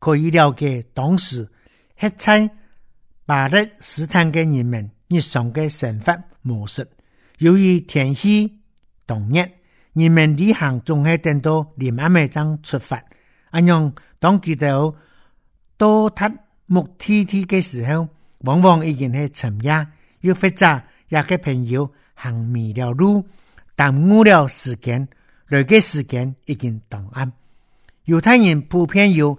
可以了解當時黑產巴勒斯坦嘅人們日常嘅生活模式。由於天氣凍熱，人們旅行總係等到臨暗未鐘出發。啊，用當記得到達目的地嘅時候，往往已經係深夜。又或者有個朋友行迷了路，耽誤了時間，那個時間已經凍暗。猶太人普遍有。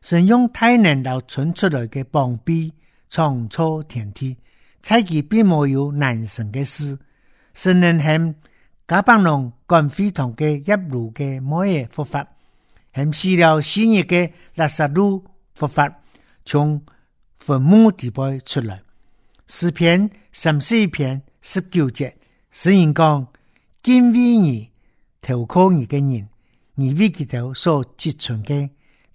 神用太難道傳出來嘅膀臂，創造天地，採集並冇有難成嘅事。神人向加巴龍干非堂嘅一路嘅每頁復活，向寺了寺院嘅拉撒路復活，從墳墓地背出來。詩篇，三十一篇，十九節。是應講敬畏你投靠你嘅人，你為祈禱所積存嘅。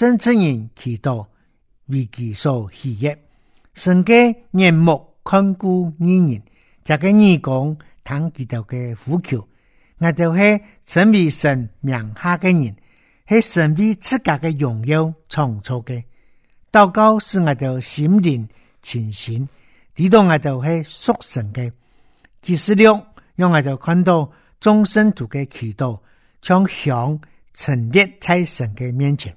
正直人祈禱為其所喜悅，神嘅眼目看顧恩人，再給你講：“享祈禱嘅呼求，我就是稱為神名下嘅人，是神為自家嘅榮耀創造嘅。禱告是我就是心靈前行，祈禱我就係屬神嘅。啟示錄，讓我就看到眾聖徒嘅祈禱，將香陳列在神嘅面前。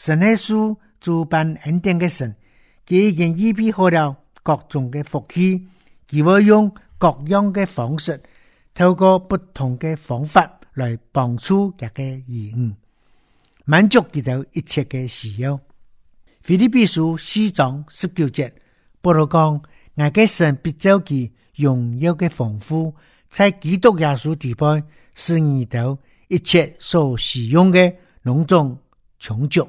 神喺書主辦恩典的神，佢已經預備好了各種的福氣，佢會用各樣的方式，透過不同的方法來幫助一個兒女，滿足佢哋一切的需要。腓立比書四章十九節，保羅講：那個神必照佢榮耀的豐富，在基督耶穌地方，使你的一切所使用的農重充足。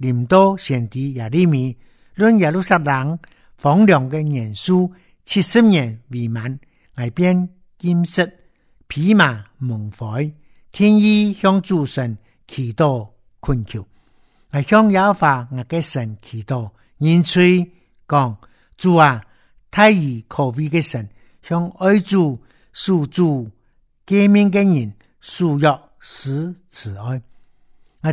鐮刀、旋地、亞利米，論耶路撒冷荒涼嘅年數，七十年未滿。外邊金色匹馬蒙灰。天意向諸神祈禱困求，我向有法我嘅神祈禱。言吹講主啊，太乙可畏嘅神，向愛主、守主、見命嘅人，素約施慈愛。我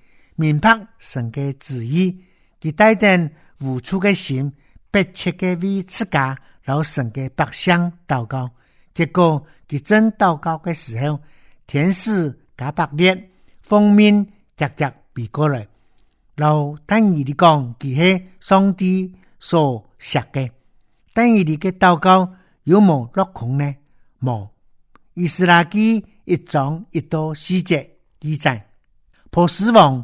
明白神的旨意，佢帶點付出的心，迫切嘅為自家，老神的百姓禱告。結果佢真禱告的時候，天使加百列奉命直直飛過來，老等於你講，佢係上帝所寫的，等伊你嘅禱告有冇落空呢？冇，以斯拉記一章一多細節記載，波斯王。